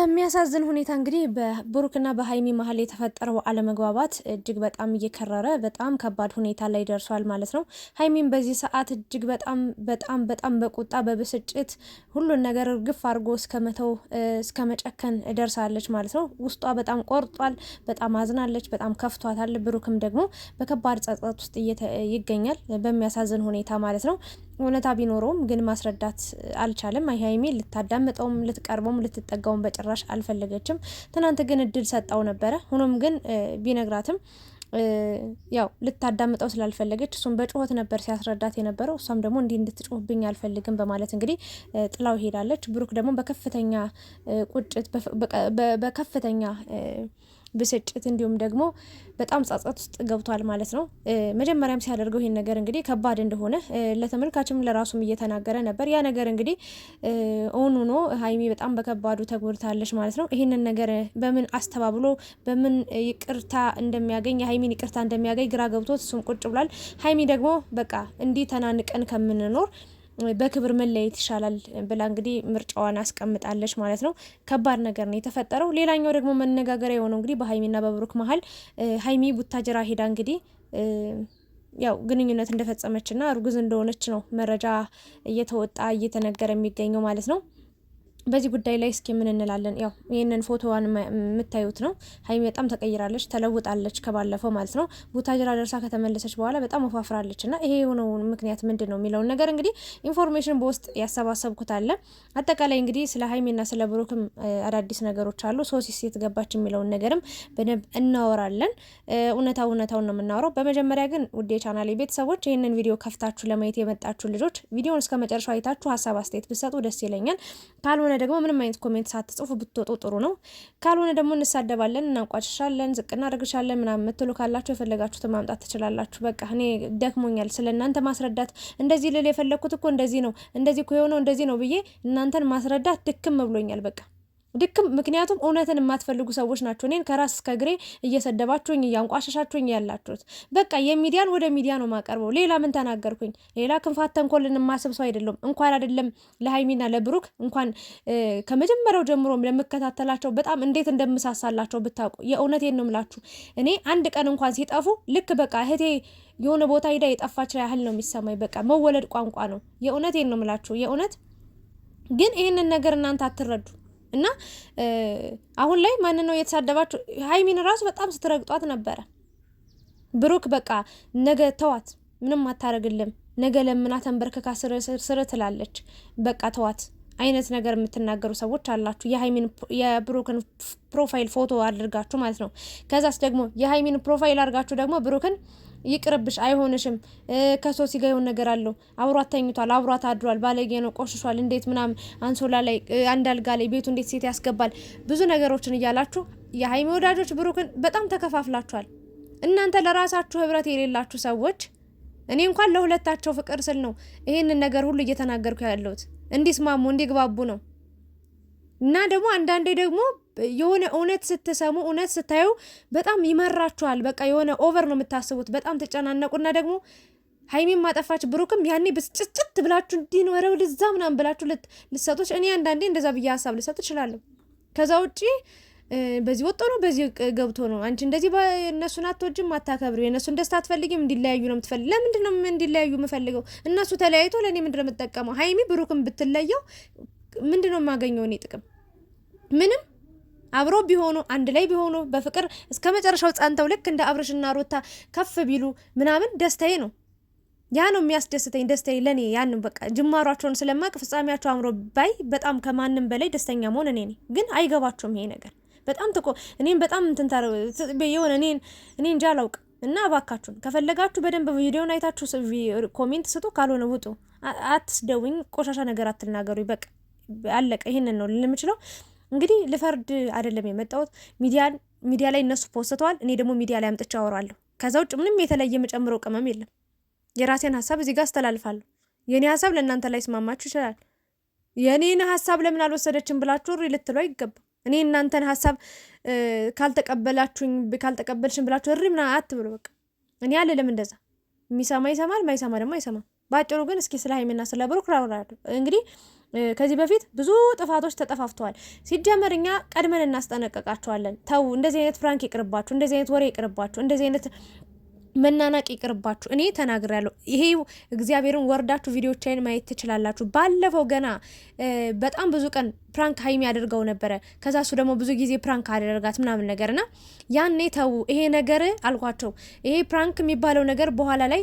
በሚያሳዝን ሁኔታ እንግዲህ በብሩክና በሀይሚ መሀል የተፈጠረው አለመግባባት እጅግ በጣም እየከረረ በጣም ከባድ ሁኔታ ላይ ደርሷል ማለት ነው። ሀይሚም በዚህ ሰዓት እጅግ በጣም በጣም በጣም በቁጣ በብስጭት ሁሉን ነገር እርግፍ አድርጎ እስከ መተው እስከ መጨከን ደርሳለች ማለት ነው። ውስጧ በጣም ቆርጧል፣ በጣም አዝናለች፣ በጣም ከፍቷታል። ብሩክም ደግሞ በከባድ ጸጸት ውስጥ ይገኛል በሚያሳዝን ሁኔታ ማለት ነው። እውነታ ቢኖረውም ግን ማስረዳት አልቻለም። ሀይሚ ልታዳምጠውም ልትቀርበውም ልትጠጋውም በጭራሽ አልፈለገችም። ትናንት ግን እድል ሰጣው ነበረ። ሆኖም ግን ቢነግራትም ያው ልታዳምጠው ስላልፈለገች እሱም በጩኸት ነበር ሲያስረዳት የነበረው። እሷም ደግሞ እንዲህ እንድትጮህብኝ አልፈልግም በማለት እንግዲህ ጥላው ሄዳለች። ብሩክ ደግሞ በከፍተኛ ቁጭት በከፍተኛ ብስጭት እንዲሁም ደግሞ በጣም ጸጸት ውስጥ ገብቷል ማለት ነው። መጀመሪያም ሲያደርገው ይህን ነገር እንግዲህ ከባድ እንደሆነ ለተመልካችም ለራሱም እየተናገረ ነበር። ያ ነገር እንግዲህ ኦን ሆኖ ሀይሚ በጣም በከባዱ ተጎድታለች ማለት ነው። ይህንን ነገር በምን አስተባብሎ በምን ይቅርታ እንደሚያገኝ የሀይሚን ይቅርታ እንደሚያገኝ ግራ ገብቶት እሱም ቁጭ ብሏል። ሀይሚ ደግሞ በቃ እንዲህ ተናንቀን ከምንኖር በክብር መለየት ይሻላል ብላ እንግዲህ ምርጫዋን አስቀምጣለች ማለት ነው። ከባድ ነገር ነው የተፈጠረው። ሌላኛው ደግሞ መነጋገሪያ የሆነው እንግዲህ በሀይሚና በብሩክ መሀል ሀይሚ ቡታጀራ ሄዳ እንግዲህ ያው ግንኙነት እንደፈጸመችና እርጉዝ እንደሆነች ነው መረጃ እየተወጣ እየተነገረ የሚገኘው ማለት ነው። በዚህ ጉዳይ ላይ እስኪ ምን እንላለን? ያው ይህንን ፎቶዋን የምታዩት ነው። ሀይሚ በጣም ተቀይራለች፣ ተለውጣለች ከባለፈው ማለት ነው። ቡታጅራ ደርሳ ከተመለሰች በኋላ በጣም ወፋፍራለች እና ይሄ የሆነው ምክንያት ምንድን ነው የሚለውን ነገር እንግዲህ ኢንፎርሜሽን በውስጥ ያሰባሰብኩት አለ። አጠቃላይ እንግዲህ ስለ ሀይሚና ስለ ብሩክም አዳዲስ ነገሮች አሉ። ሶሲ ሴት ገባች የሚለውን ነገርም በደንብ እናወራለን። እውነታ እውነታውን ነው የምናወራው። በመጀመሪያ ግን ውድ የቻናሌ ቤተሰቦች ይህንን ቪዲዮ ከፍታችሁ ለማየት የመጣችሁ ልጆች ቪዲዮን እስከ መጨረሻው አይታችሁ ሀሳብ አስተያየት ብሰጡ ደስ ይለኛል ካልሆነ ደግሞ ምንም አይነት ኮሜንት ሳትጽፉ ብትወጡ ጥሩ ነው። ካልሆነ ደግሞ እንሳደባለን፣ እናንቋጭሻለን፣ ዝቅ እናደርግሻለን ምናምን የምትሉ ካላችሁ የፈለጋችሁትን ማምጣት ትችላላችሁ። በቃ እኔ ደክሞኛል ስለ እናንተ ማስረዳት። እንደዚህ ልል የፈለግኩት እኮ እንደዚህ ነው፣ እንደዚህ እኮ የሆነው እንደዚህ ነው ብዬ እናንተን ማስረዳት ድክም ብሎኛል በቃ ድክም ምክንያቱም እውነትን የማትፈልጉ ሰዎች ናቸው። እኔን ከራስ እስከ እግሬ እየሰደባችሁኝ እያንቋሸሻችሁኝ ያላችሁት። በቃ የሚዲያን ወደ ሚዲያ ነው ማቀርበው። ሌላ ምን ተናገርኩኝ? ሌላ ክንፋት ተንኮልን የማስብ ሰው አይደለም። እንኳን አይደለም ለሀይሚና ለብሩክ እንኳን ከመጀመሪያው ጀምሮ ለምከታተላቸው በጣም እንዴት እንደምሳሳላቸው ብታውቁ፣ የእውነቴን ነው ምላችሁ። እኔ አንድ ቀን እንኳን ሲጠፉ ልክ በቃ እህቴ የሆነ ቦታ ሂዳ የጠፋች ያህል ነው የሚሰማኝ። በቃ መወለድ ቋንቋ ነው። የእውነቴን ነው የእውነት ግን ይህንን ነገር እናንተ አትረዱ እና አሁን ላይ ማንን ነው እየተሳደባችሁ? ሀይሚን ራሱ በጣም ስትረግጧት ነበረ። ብሩክ በቃ ነገ ተዋት፣ ምንም አታረግልም፣ ነገ ለምና ተንበርክካ ስር ትላለች፣ በቃ ተዋት አይነት ነገር የምትናገሩ ሰዎች አላችሁ። የሀይሚን የብሩክን ፕሮፋይል ፎቶ አድርጋችሁ ማለት ነው። ከዛስ ደግሞ የሀይሚን ፕሮፋይል አድርጋችሁ ደግሞ ብሩክን ይቅርብሽ፣ አይሆንሽም። ከሶሲ ጋር የሆነ ነገር አለው። አብሯት ተኝቷል፣ አብሯት አድሯል፣ ባለጌ ነው፣ ቆሽሿል፣ እንዴት ምናምን አንሶላ ላይ አንድ አልጋ ላይ ቤቱ እንዴት ሴት ያስገባል? ብዙ ነገሮችን እያላችሁ የሀይሚ ወዳጆች ብሩክን በጣም ተከፋፍላችኋል። እናንተ ለራሳችሁ ህብረት የሌላችሁ ሰዎች እኔ እንኳን ለሁለታቸው ፍቅር ስል ነው ይህንን ነገር ሁሉ እየተናገርኩ ያለሁት እንዲስማሙ እንዲግባቡ ነው። እና ደግሞ አንዳንዴ ደግሞ የሆነ እውነት ስትሰሙ እውነት ስታዩ በጣም ይመራችኋል። በቃ የሆነ ኦቨር ነው የምታስቡት። በጣም ትጨናነቁና ደግሞ ሀይሚም ማጠፋች ብሩክም ያኔ ብስጭጭት ብላችሁ እንዲኖረው ልዛ ምናምን ብላችሁ ልትሰጡች እኔ አንዳንዴ እንደዛ ብዬ ሀሳብ ልሰጥ እችላለሁ። ከዛ ውጪ በዚህ ወጥቶ ነው በዚህ ገብቶ ነው። አንቺ እንደዚህ እነሱን አትወጂም፣ አታከብሪው፣ የእነሱን ደስታ አትፈልጊም፣ እንዲለያዩ ነው የምትፈልግ። ለምንድ ነው እንዲለያዩ የምፈልገው? እነሱ ተለያይቶ ለእኔ ምንድነው የምጠቀመው? ሀይሚ ብሩክም ብትለየው ምንድነው ነው የማገኘው እኔ ጥቅም? ምንም አብሮ ቢሆኑ አንድ ላይ ቢሆኑ በፍቅር እስከ መጨረሻው ጸንተው ልክ እንደ አብርሽና ሩታ ከፍ ቢሉ ምናምን ደስታዬ ነው። ያ ነው የሚያስደስተኝ ደስታዬ ለኔ ያን በቃ ጅማሯቸውን ስለማቅ ፍጻሜያቸው አምሮ ባይ በጣም ከማንም በላይ ደስተኛ መሆን እኔ ነኝ። ግን አይገባቸውም ይሄ ነገር በጣም ትቆ እኔን በጣም እንትንታረ የሆነ እኔን እኔ እንጃ አላውቅ እና እባካችሁን ከፈለጋችሁ በደንብ ቪዲዮን አይታችሁ ኮሜንት ስጡ፣ ካልሆነ ውጡ። አትስደውኝ፣ ቆሻሻ ነገር አትናገሩ። በቃ አለቀ። ይህንን ነው ልንምችለው። እንግዲህ ልፈርድ አይደለም የመጣሁት። ሚዲያን ሚዲያ ላይ እነሱ ፖስተዋል፣ እኔ ደግሞ ሚዲያ ላይ አምጥቼ አወራለሁ። ከዛ ውጭ ምንም የተለየ የምጨምረው ቅመም የለም። የራሴን ሀሳብ እዚህ ጋር አስተላልፋለሁ። የእኔ ሀሳብ ለእናንተ ላይ ስማማችሁ ይችላል። የእኔን ሀሳብ ለምን አልወሰደችም ብላችሁ እሪ ልትሉ አይገባም። እኔ እናንተን ሀሳብ ካልተቀበላችሁኝ ካልተቀበልሽን ብላችሁ እሪ ምና አትብሉ። በቃ እኔ አልልም እንደዛ። የሚሰማ ይሰማል፣ ማይሰማ ደግሞ አይሰማም። በአጭሩ ግን እስኪ ስለ ሀይሚና ስለ ብሩክ ራውራዱ እንግዲህ ከዚህ በፊት ብዙ ጥፋቶች ተጠፋፍተዋል። ሲጀመር እኛ ቀድመን እናስጠነቀቃቸዋለን። ተው እንደዚህ አይነት ፍራንክ ይቅርባችሁ፣ እንደዚህ አይነት ወሬ ይቅርባችሁ፣ እንደዚህ አይነት መናናቅ ይቅርባችሁ። እኔ ተናግሬያለሁ። ይሄ እግዚአብሔርን ወርዳችሁ ቪዲዮቻይን ማየት ትችላላችሁ። ባለፈው ገና በጣም ብዙ ቀን ፕራንክ ሀይሚ ያደርገው ነበረ። ከዛ እሱ ደግሞ ብዙ ጊዜ ፕራንክ አደረጋት ምናምን ነገር ና ያኔ ተው ይሄ ነገር አልኳቸው። ይሄ ፕራንክ የሚባለው ነገር በኋላ ላይ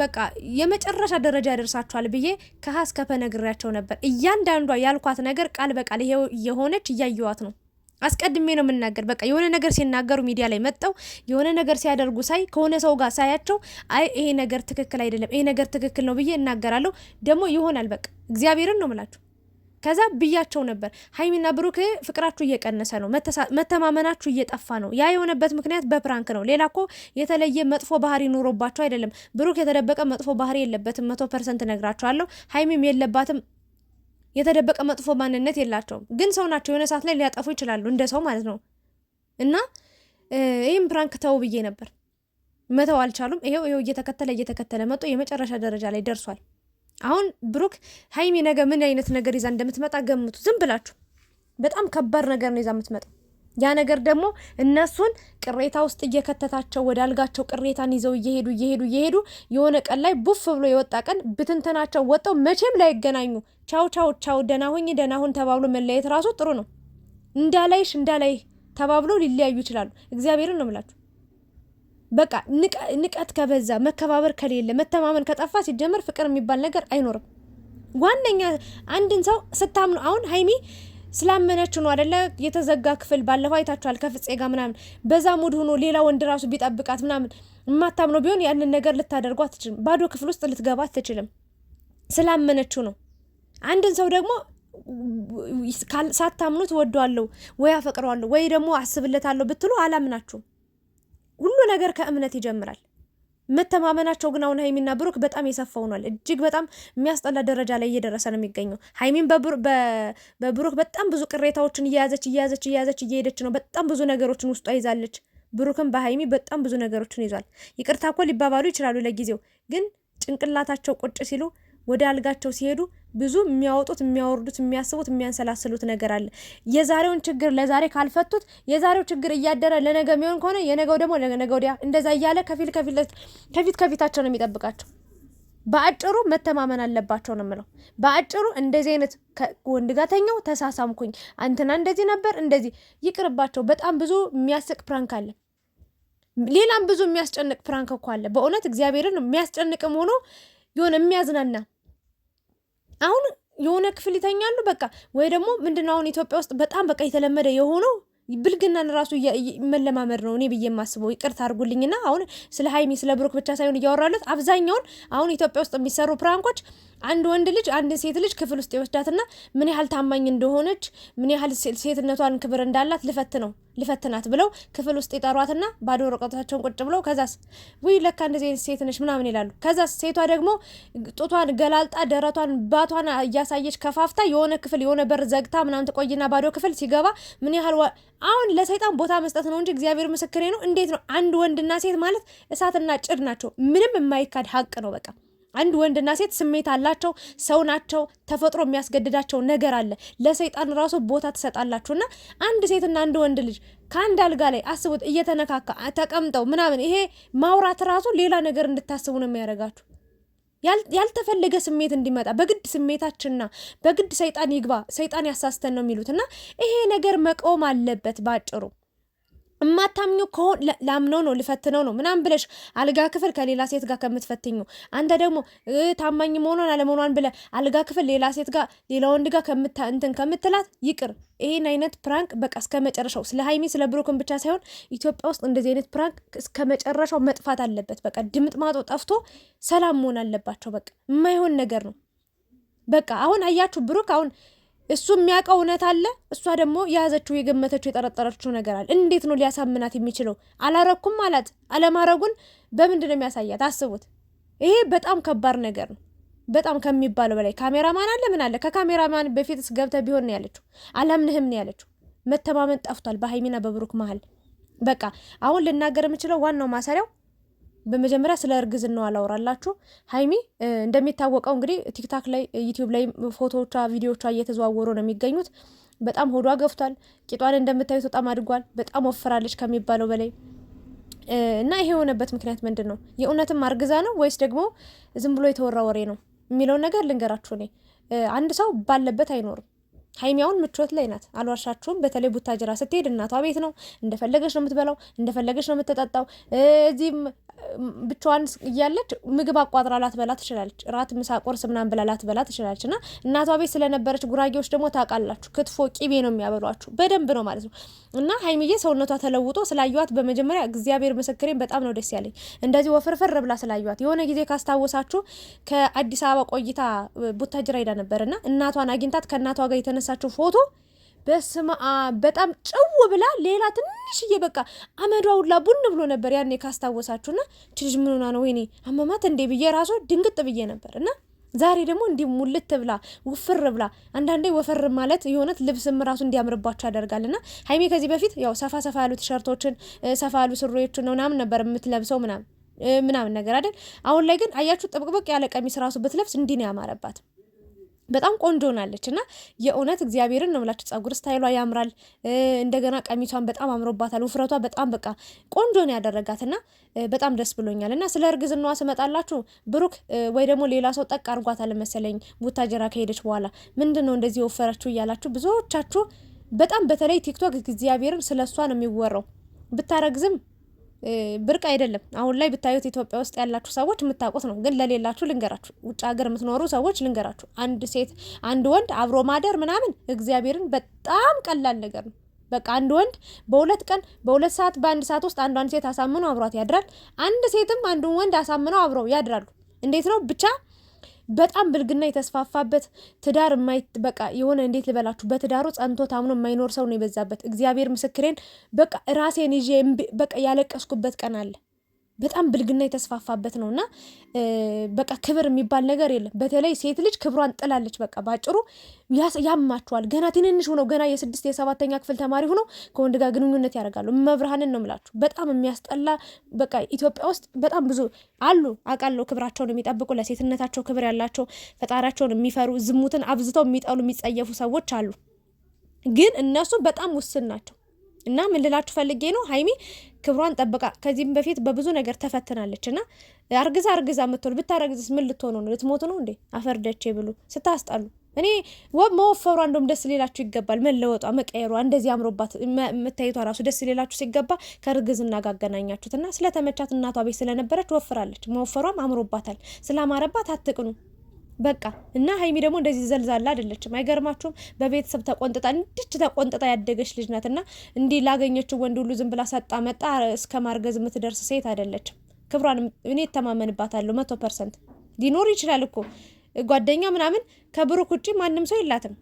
በቃ የመጨረሻ ደረጃ ያደርሳችኋል ብዬ ከሀ እስከ ፐ ነግሬያቸው ነበር። እያንዳንዷ ያልኳት ነገር ቃል በቃል ይሄው የሆነች እያየዋት ነው። አስቀድሜ ነው የምናገር። በቃ የሆነ ነገር ሲናገሩ ሚዲያ ላይ መጠው የሆነ ነገር ሲያደርጉ ሳይ ከሆነ ሰው ጋር ሳያቸው አይ ይሄ ነገር ትክክል አይደለም፣ ይሄ ነገር ትክክል ነው ብዬ እናገራለሁ። ደግሞ ይሆናል። በቃ እግዚአብሔርን ነው ምላችሁ ከዛ ብያቸው ነበር ሀይሚና ብሩክ ፍቅራችሁ እየቀነሰ ነው፣ መተማመናችሁ እየጠፋ ነው። ያ የሆነበት ምክንያት በፕራንክ ነው። ሌላ ኮ የተለየ መጥፎ ባህሪ ኑሮባቸው አይደለም። ብሩክ የተደበቀ መጥፎ ባህሪ የለበትም፣ መቶ ፐርሰንት ነግራቸዋለሁ። ሀይሚም የለባትም የተደበቀ መጥፎ ማንነት የላቸውም። ግን ሰው ናቸው፣ የሆነ ሰዓት ላይ ሊያጠፉ ይችላሉ፣ እንደ ሰው ማለት ነው። እና ይህም ፕራንክ ተው ብዬ ነበር፣ መተው አልቻሉም። ይሄው ይሄው እየተከተለ እየተከተለ መጡ፣ የመጨረሻ ደረጃ ላይ ደርሷል። አሁን ብሩክ ሀይሚ ነገ ምን አይነት ነገር ይዛ እንደምትመጣ ገምቱ። ዝም ብላችሁ በጣም ከባድ ነገር ነው ይዛ የምትመጣው። ያ ነገር ደግሞ እነሱን ቅሬታ ውስጥ እየከተታቸው ወደ አልጋቸው ቅሬታን ይዘው እየሄዱ እየሄዱ እየሄዱ የሆነ ቀን ላይ ቡፍ ብሎ የወጣ ቀን ብትንተናቸው ወጠው መቼም ላይገናኙ ቻው ቻው ቻው ደናሁኝ ደናሁን ተባብሎ መለየት ራሱ ጥሩ ነው። እንዳላይሽ እንዳላይ ተባብሎ ሊለያዩ ይችላሉ። እግዚአብሔርን ነው የምላችሁ። በቃ ንቀት ከበዛ መከባበር ከሌለ መተማመን ከጠፋ ሲጀመር ፍቅር የሚባል ነገር አይኖርም። ዋነኛ አንድን ሰው ስታምኑ አሁን ሀይሚ ስላመነችው ነው አደለ? የተዘጋ ክፍል ባለፈው አይታችኋል። ከፍፄ ጋር ምናምን በዛ ሙድ ሆኖ ሌላ ወንድ ራሱ ቢጠብቃት ምናምን የማታምነው ቢሆን ያንን ነገር ልታደርጉ አትችልም። ባዶ ክፍል ውስጥ ልትገባ አትችልም። ስላመነችው ነው። አንድን ሰው ደግሞ ሳታምኑ ትወደዋለሁ ወይ አፈቅረዋለሁ ወይ ደግሞ አስብለታለሁ ብትሉ አላምናችሁም። ሁሉ ነገር ከእምነት ይጀምራል። መተማመናቸው ግን አሁን ሀይሚና ብሩክ በጣም የሰፋ ሆኗል። እጅግ በጣም የሚያስጠላ ደረጃ ላይ እየደረሰ ነው የሚገኘው። ሀይሚን በብሩክ በጣም ብዙ ቅሬታዎችን እየያዘች እየያዘች እየያዘች እየሄደች ነው። በጣም ብዙ ነገሮችን ውስጧ ይዛለች። ብሩክም በሀይሚ በጣም ብዙ ነገሮችን ይዟል። ይቅርታ እኮ ሊባባሉ ይችላሉ ለጊዜው፣ ግን ጭንቅላታቸው ቁጭ ሲሉ ወደ አልጋቸው ሲሄዱ ብዙ የሚያወጡት የሚያወርዱት የሚያስቡት የሚያንሰላስሉት ነገር አለ። የዛሬውን ችግር ለዛሬ ካልፈቱት የዛሬው ችግር እያደረ ለነገ የሚሆን ከሆነ የነገው ደግሞ ለነገ ወዲያ እንደዛ እያለ ከፊት ከፊት ከፊታቸው ነው የሚጠብቃቸው። በአጭሩ መተማመን አለባቸው ነው ምለው። በአጭሩ እንደዚህ አይነት ወንድ ጋር ተኛው ተሳሳምኩኝ፣ አንትና እንደዚህ ነበር እንደዚህ ይቅርባቸው። በጣም ብዙ የሚያስቅ ፕራንክ አለ። ሌላም ብዙ የሚያስጨንቅ ፕራንክ እኮ አለ። በእውነት እግዚአብሔርን የሚያስጨንቅም ሆኖ የሆነ የሚያዝናና አሁን የሆነ ክፍል ይተኛሉ። በቃ ወይ ደግሞ ምንድነው አሁን ኢትዮጵያ ውስጥ በጣም በቃ የተለመደ የሆነው ብልግናን ራሱ መለማመድ ነው እኔ ብዬ የማስበው። ይቅርታ አድርጉልኝና አሁን ስለ ሀይሚ ስለ ብሩክ ብቻ ሳይሆን እያወራለት አብዛኛውን አሁን ኢትዮጵያ ውስጥ የሚሰሩ ፕራንኮች አንድ ወንድ ልጅ አንድ ሴት ልጅ ክፍል ውስጥ ይወስዳትና ምን ያህል ታማኝ እንደሆነች ምን ያህል ሴትነቷን ክብር እንዳላት ልፈት ነው ልፈትናት ብለው ክፍል ውስጥ ይጠሯትና ባዶ ወረቀቶቻቸውን ቁጭ ብለው ከዛስ ውይ ለካ እንደዚህ አይነት ሴት ነች ምናምን ይላሉ። ከዛስ ሴቷ ደግሞ ጡቷን ገላልጣ ደረቷን ባቷን እያሳየች ከፋፍታ የሆነ ክፍል የሆነ በር ዘግታ ምናምን ትቆይና ባዶ ክፍል ሲገባ ምን ያህል አሁን ለሰይጣን ቦታ መስጠት ነው እንጂ እግዚአብሔር ምስክሬ ነው። እንዴት ነው አንድ ወንድና ሴት ማለት እሳትና ጭድ ናቸው። ምንም የማይካድ ሀቅ ነው በቃ አንድ ወንድና ሴት ስሜት አላቸው፣ ሰው ናቸው። ተፈጥሮ የሚያስገድዳቸው ነገር አለ። ለሰይጣን ራሱ ቦታ እና አንድ ሴትና አንድ ወንድ ልጅ ከአንድ አልጋ ላይ አስቡት፣ እየተነካካ ተቀምጠው ምናምን። ይሄ ማውራት ራሱ ሌላ ነገር እንድታስቡ ነው የሚያደርጋችሁ። ያልተፈለገ ስሜት እንዲመጣ በግድ ስሜታችንና በግድ ሰይጣን ይግባ፣ ሰይጣን ያሳስተን ነው የሚሉት እና ይሄ ነገር መቆም አለበት ባጭሩ። እማታምኙ ከሆን ላምነው ነው ልፈትነው ነው ምናምን ብለሽ አልጋ ክፍል ከሌላ ሴት ጋር ከምትፈትኙ አንተ ደግሞ ታማኝ መሆኗን አለመሆኗን ብለ አልጋ ክፍል ሌላ ሴት ጋር ሌላ ወንድ ጋር እንትን ከምትላት ይቅር። ይህን አይነት ፕራንክ በቃ እስከ መጨረሻው ስለ ሀይሚ ስለ ብሩክን ብቻ ሳይሆን ኢትዮጵያ ውስጥ እንደዚህ አይነት ፕራንክ እስከ መጨረሻው መጥፋት አለበት። በቃ ድምጥ ማጦ ጠፍቶ ሰላም መሆን አለባቸው። በቃ የማይሆን ነገር ነው። በቃ አሁን አያችሁ ብሩክ አሁን እሱ የሚያውቀው እውነት አለ፣ እሷ ደግሞ የያዘችው የገመተችው የጠረጠረችው ነገር አለ። እንዴት ነው ሊያሳምናት የሚችለው? አላረኩም አላት። አለማረጉን በምንድን ነው የሚያሳያት? አስቡት። ይሄ በጣም ከባድ ነገር ነው። በጣም ከሚባለው በላይ ካሜራማን አለ ምን አለ። ከካሜራማን በፊት ገብተ ቢሆን ነው ያለችው። አላምንህም ነው ያለችው። መተማመን ጠፍቷል በሀይሚና በብሩክ መሀል። በቃ አሁን ልናገር የምችለው ዋናው ማሰሪያው በመጀመሪያ ስለ እርግዝናዋ ላውራላችሁ። ሀይሚ እንደሚታወቀው እንግዲህ ቲክታክ ላይ ዩቲዩብ ላይ ፎቶዎቿ፣ ቪዲዮቿ እየተዘዋወሩ ነው የሚገኙት። በጣም ሆዷ ገፍቷል። ቂጧን እንደምታዩት በጣም አድጓል። በጣም ወፍራለች ከሚባለው በላይ እና ይሄ የሆነበት ምክንያት ምንድን ነው? የእውነትም አርግዛ ነው ወይስ ደግሞ ዝም ብሎ የተወራ ወሬ ነው የሚለውን ነገር ልንገራችሁ። እኔ አንድ ሰው ባለበት አይኖርም። ሀይሚያውን ምቾት ላይ ናት፣ አልዋሻችሁም። በተለይ ቡታጅራ ስትሄድ እናቷ ቤት ነው፣ እንደፈለገች ነው የምትበላው፣ እንደፈለገች ነው የምትጠጣው። እዚህም ብቻዋን እያለች ምግብ አቋጥራ ላትበላ ትችላለች። ራት፣ ምሳ፣ ቁርስ ምናምን ብላ ላትበላ ትችላለች። እና እናቷ ቤት ስለነበረች ጉራጌዎች ደግሞ ታውቃላችሁ፣ ክትፎ ቂቤ ነው የሚያበሏችሁ በደንብ ነው ማለት ነው። እና ሀይሚዬ ሰውነቷ ተለውጦ ስላየዋት በመጀመሪያ እግዚአብሔር ምስክሬን በጣም ነው ደስ ያለኝ፣ እንደዚህ ወፍርፍር ብላ ስላዩዋት የሆነ ጊዜ ካስታወሳችሁ ከአዲስ አበባ ቆይታ ቡታጅራ ሄዳ ነበር እና እናቷን አግኝታት ከእናቷ ጋር የተነሳችው ፎቶ በስመ አብ በጣም ጭው ብላ ሌላ ትንሽዬ በቃ አመዷ ሁላ ቡን ብሎ ነበር ያኔ ካስታወሳችሁና፣ ችልጅ ምን ነው ወይኔ አመማት እንዴ ብዬ ራሱ ድንግጥ ብዬ ነበር እና ዛሬ ደግሞ እንዲህ ሙልት ብላ ውፍር ብላ አንዳንዴ ወፈር ማለት የሆነት ልብስም ራሱ እንዲያምርባቸው ያደርጋል። ና ሀይሜ ከዚህ በፊት ያው ሰፋ ሰፋ ያሉ ቲሸርቶችን ሰፋ ያሉ ስሮዎችን ነው ምናምን ነበር የምትለብሰው ምናምን ምናምን ነገር አይደል። አሁን ላይ ግን አያችሁ ጥብቅብቅ ያለ ቀሚስ ራሱ ብትለብስ እንዲህ ነው ያማረባት። በጣም ቆንጆ ናለች እና የእውነት እግዚአብሔርን ነው የምላችሁ። ጸጉር ስታይሏ ያምራል። እንደገና ቀሚሷን በጣም አምሮባታል። ውፍረቷ በጣም በቃ ቆንጆ ነው ያደረጋት እና በጣም ደስ ብሎኛል። እና ስለ እርግዝናዋ ስመጣላችሁ ብሩክ ወይ ደግሞ ሌላ ሰው ጠቅ አድርጓታል መሰለኝ ቡታጀራ ከሄደች በኋላ ምንድን ነው እንደዚህ የወፈረችው እያላችሁ ብዙዎቻችሁ በጣም በተለይ ቲክቶክ እግዚአብሔርን ስለ እሷ ነው የሚወራው ብታረግዝም ብርቅ አይደለም። አሁን ላይ ብታዩት ኢትዮጵያ ውስጥ ያላችሁ ሰዎች የምታውቁት ነው፣ ግን ለሌላችሁ ልንገራችሁ፣ ውጭ ሀገር የምትኖሩ ሰዎች ልንገራችሁ፣ አንድ ሴት አንድ ወንድ አብሮ ማደር ምናምን እግዚአብሔርን በጣም ቀላል ነገር ነው። በቃ አንድ ወንድ በሁለት ቀን በሁለት ሰዓት በአንድ ሰዓት ውስጥ አንዷን ሴት አሳምኖ አብሯት ያድራል። አንድ ሴትም አንዱን ወንድ አሳምነው አብረው ያድራሉ። እንዴት ነው ብቻ በጣም ብልግና የተስፋፋበት ትዳር በቃ የሆነ እንዴት ልበላችሁ፣ በትዳሩ ጸንቶ ታምኖ የማይኖር ሰው ነው የበዛበት። እግዚአብሔር ምስክሬን፣ በቃ ራሴን ይዤ በቃ ያለቀስኩበት ቀን አለ። በጣም ብልግና የተስፋፋበት ነው እና በቃ ክብር የሚባል ነገር የለም። በተለይ ሴት ልጅ ክብሯን ጥላለች። በቃ ባጭሩ ያማችኋል። ገና ትንንሽ ሆነው ገና የስድስት የሰባተኛ ክፍል ተማሪ ሆኖ ከወንድ ጋር ግንኙነት ያደርጋሉ። መብርሃንን ነው ምላችሁ። በጣም የሚያስጠላ በቃ ኢትዮጵያ ውስጥ በጣም ብዙ አሉ አውቃለሁ። ክብራቸውን የሚጠብቁ ለሴትነታቸው ክብር ያላቸው ፈጣሪያቸውን የሚፈሩ ዝሙትን አብዝተው የሚጠሉ የሚጸየፉ ሰዎች አሉ። ግን እነሱ በጣም ውስን ናቸው እና ምን ልላችሁ ፈልጌ ነው ሀይሚ ክብሯን ጠብቃ ከዚህም በፊት በብዙ ነገር ተፈትናለች እና አርግዛ አርግዛ የምትሆኑ ብታረግዝስ ምን ልትሆኑ ነው? ልትሞቱ ነው እንዴ? አፈርደቼ ብሉ ስታስጣሉ። እኔ መወፈሯ እንደውም ደስ ሌላችሁ ይገባል። መለወጧ፣ መቀየሯ፣ እንደዚህ አምሮባት መታየቷ ራሱ ደስ ሌላችሁ ሲገባ ከእርግዝና ጋር አገናኛችሁት እና ስለተመቻት እናቷ ቤት ስለነበረች ወፍራለች። መወፈሯም አምሮባታል። ስለማረባት አትቅኑ። በቃ እና ሀይሚ ደግሞ እንደዚህ ዘልዛላ አይደለችም። አይገርማችሁም? በቤተሰብ ተቆንጥጣ እንድች ተቆንጥጣ ያደገች ልጅ ናት እና እንዲህ ላገኘችው ወንድ ሁሉ ዝም ብላ ሰጣ መጣ እስከ ማርገዝ የምትደርስ ሴት አይደለችም። ክብሯን እኔ እተማመንባታለሁ መቶ ፐርሰንት። ሊኖር ይችላል እኮ ጓደኛ ምናምን፣ ከብሩክ ውጭ ማንም ሰው የላትም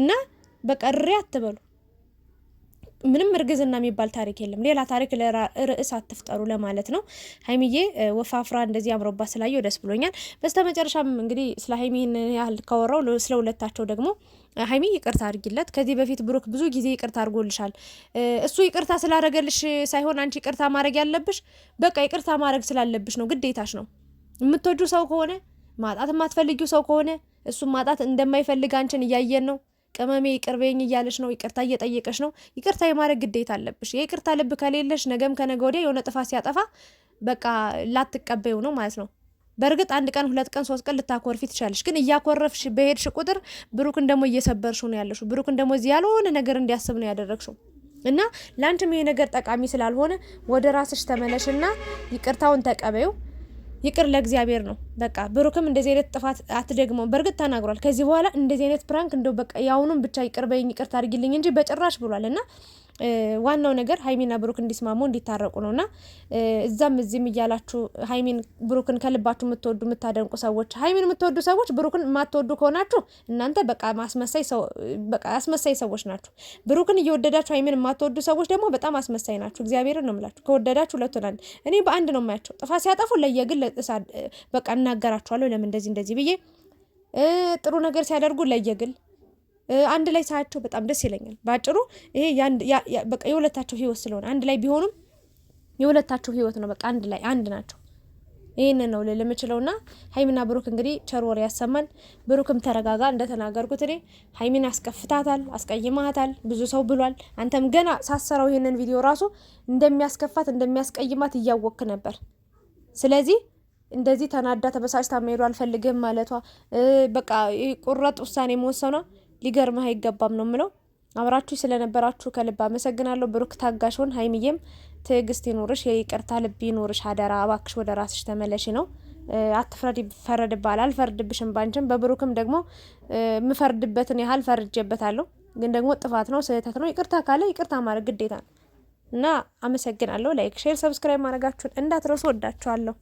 እና በቀሬ አትበሉ። ምንም እርግዝና የሚባል ታሪክ የለም። ሌላ ታሪክ ርዕስ አትፍጠሩ ለማለት ነው። ሀይሚዬ ወፋፍራ እንደዚህ አምሮባት ስላየው ደስ ብሎኛል። በስተ መጨረሻም እንግዲህ ስለ ሀይሚን ያህል ካወራው ስለ ሁለታቸው ደግሞ ሀይሚ ይቅርታ አድርጊለት። ከዚህ በፊት ብሩክ ብዙ ጊዜ ይቅርታ አድርጎልሻል። እሱ ይቅርታ ስላደረገልሽ ሳይሆን አንቺ ይቅርታ ማድረግ ያለብሽ በቃ ይቅርታ ማድረግ ስላለብሽ ነው፣ ግዴታሽ ነው። የምትወጁ ሰው ከሆነ ማጣት የማትፈልጊው ሰው ከሆነ እሱም ማጣት እንደማይፈልግ አንቺን እያየን ነው። ቅመሜ ይቅርበኝ እያለች ነው፣ ይቅርታ እየጠየቀች ነው። ይቅርታ የማድረግ ግዴታ አለብሽ። የይቅርታ ልብ ከሌለሽ ነገም ከነገ ወዲያ የሆነ ጥፋት ሲያጠፋ በቃ ላትቀበዩ ነው ማለት ነው። በእርግጥ አንድ ቀን ሁለት ቀን ሶስት ቀን ልታኮርፊ ትችላለሽ። ግን እያኮረፍሽ በሄድሽ ቁጥር ብሩክን ደግሞ እየሰበርሽ ነው ያለሽ። ብሩክን ደግሞ እዚህ ያልሆነ ነገር እንዲያስብ ነው ያደረግሽው እና ለአንቺም ይሄ ነገር ጠቃሚ ስላልሆነ ወደ ራስሽ ተመለሽና ይቅርታውን ተቀበዩ። ይቅር ለእግዚአብሔር ነው። በቃ ብሩክም እንደዚህ አይነት ጥፋት አትደግመው። በእርግጥ ተናግሯል። ከዚህ በኋላ እንደዚህ አይነት ፕራንክ እንደው በቃ የአሁኑም ብቻ ይቅር በይኝ፣ ይቅር አድርጊልኝ እንጂ በጭራሽ ብሏል እና ዋናው ነገር ሀይሚና ብሩክ እንዲስማሙ እንዲታረቁ ነውና እዛም እዚህም እያላችሁ ሀይሚን ብሩክን ከልባችሁ የምትወዱ የምታደንቁ ሰዎች ሀይሚን የምትወዱ ሰዎች ብሩክን የማትወዱ ከሆናችሁ እናንተ በቃ አስመሳይ ሰዎች ናችሁ። ብሩክን እየወደዳችሁ ሀይሚን የማትወዱ ሰዎች ደግሞ በጣም አስመሳይ ናችሁ። እግዚአብሔርን ነው የምላችሁ። ከወደዳችሁ ሁለቱን እኔ በአንድ ነው የማያቸው። ጥፋት ሲያጠፉ ለየግል በቃ እናገራችኋለሁ ለምን እንደዚህ እንደዚህ ብዬ ጥሩ ነገር ሲያደርጉ ለየግል አንድ ላይ ሳያቸው በጣም ደስ ይለኛል። በአጭሩ ይሄ በቃ የሁለታቸው ህይወት ስለሆነ አንድ ላይ ቢሆኑም የሁለታቸው ህይወት ነው። በቃ አንድ ላይ አንድ ናቸው። ይህን ነው ልል ና ሀይሚና ብሩክ እንግዲህ ቸር ወር ያሰማን። ብሩክም ተረጋጋ። እንደተናገርኩት እኔ ሀይሚን አስከፍታታል፣ አስቀይማታል፣ ብዙ ሰው ብሏል። አንተም ገና ሳሰራው ይህንን ቪዲዮ ራሱ እንደሚያስከፋት እንደሚያስቀይማት እያወክ ነበር። ስለዚህ እንደዚህ ተናዳ ተበሳጭታ መሄዱ አልፈልግም ማለቷ በቃ ቁረጥ ውሳኔ መወሰኗ ሊገርምህ አይገባም ነው ምለው። አብራችሁ ስለነበራችሁ ከልብ አመሰግናለሁ። ብሩክ ሆን ሀይሚዬም ትዕግስት ይኑርሽ፣ የይቅርታ ልብ ይኑርሽ። አደራ አባክሽ ወደ ራስሽ ተመለሽ ነው አትፍረድ ይፈረድባል። አልፈርድብሽም ባንችም በብሩክም ደግሞ የምፈርድበትን ያህል ፈርጄበታለሁ። ግን ደግሞ ጥፋት ነው ስህተት ነው። ይቅርታ ካለ ይቅርታ ማድረግ ግዴታ ነው እና አመሰግናለሁ። ላይክ፣ ሼር፣ ሰብስክራይብ ማድረጋችሁን እንዳትረሱ። ወዳችኋለሁ።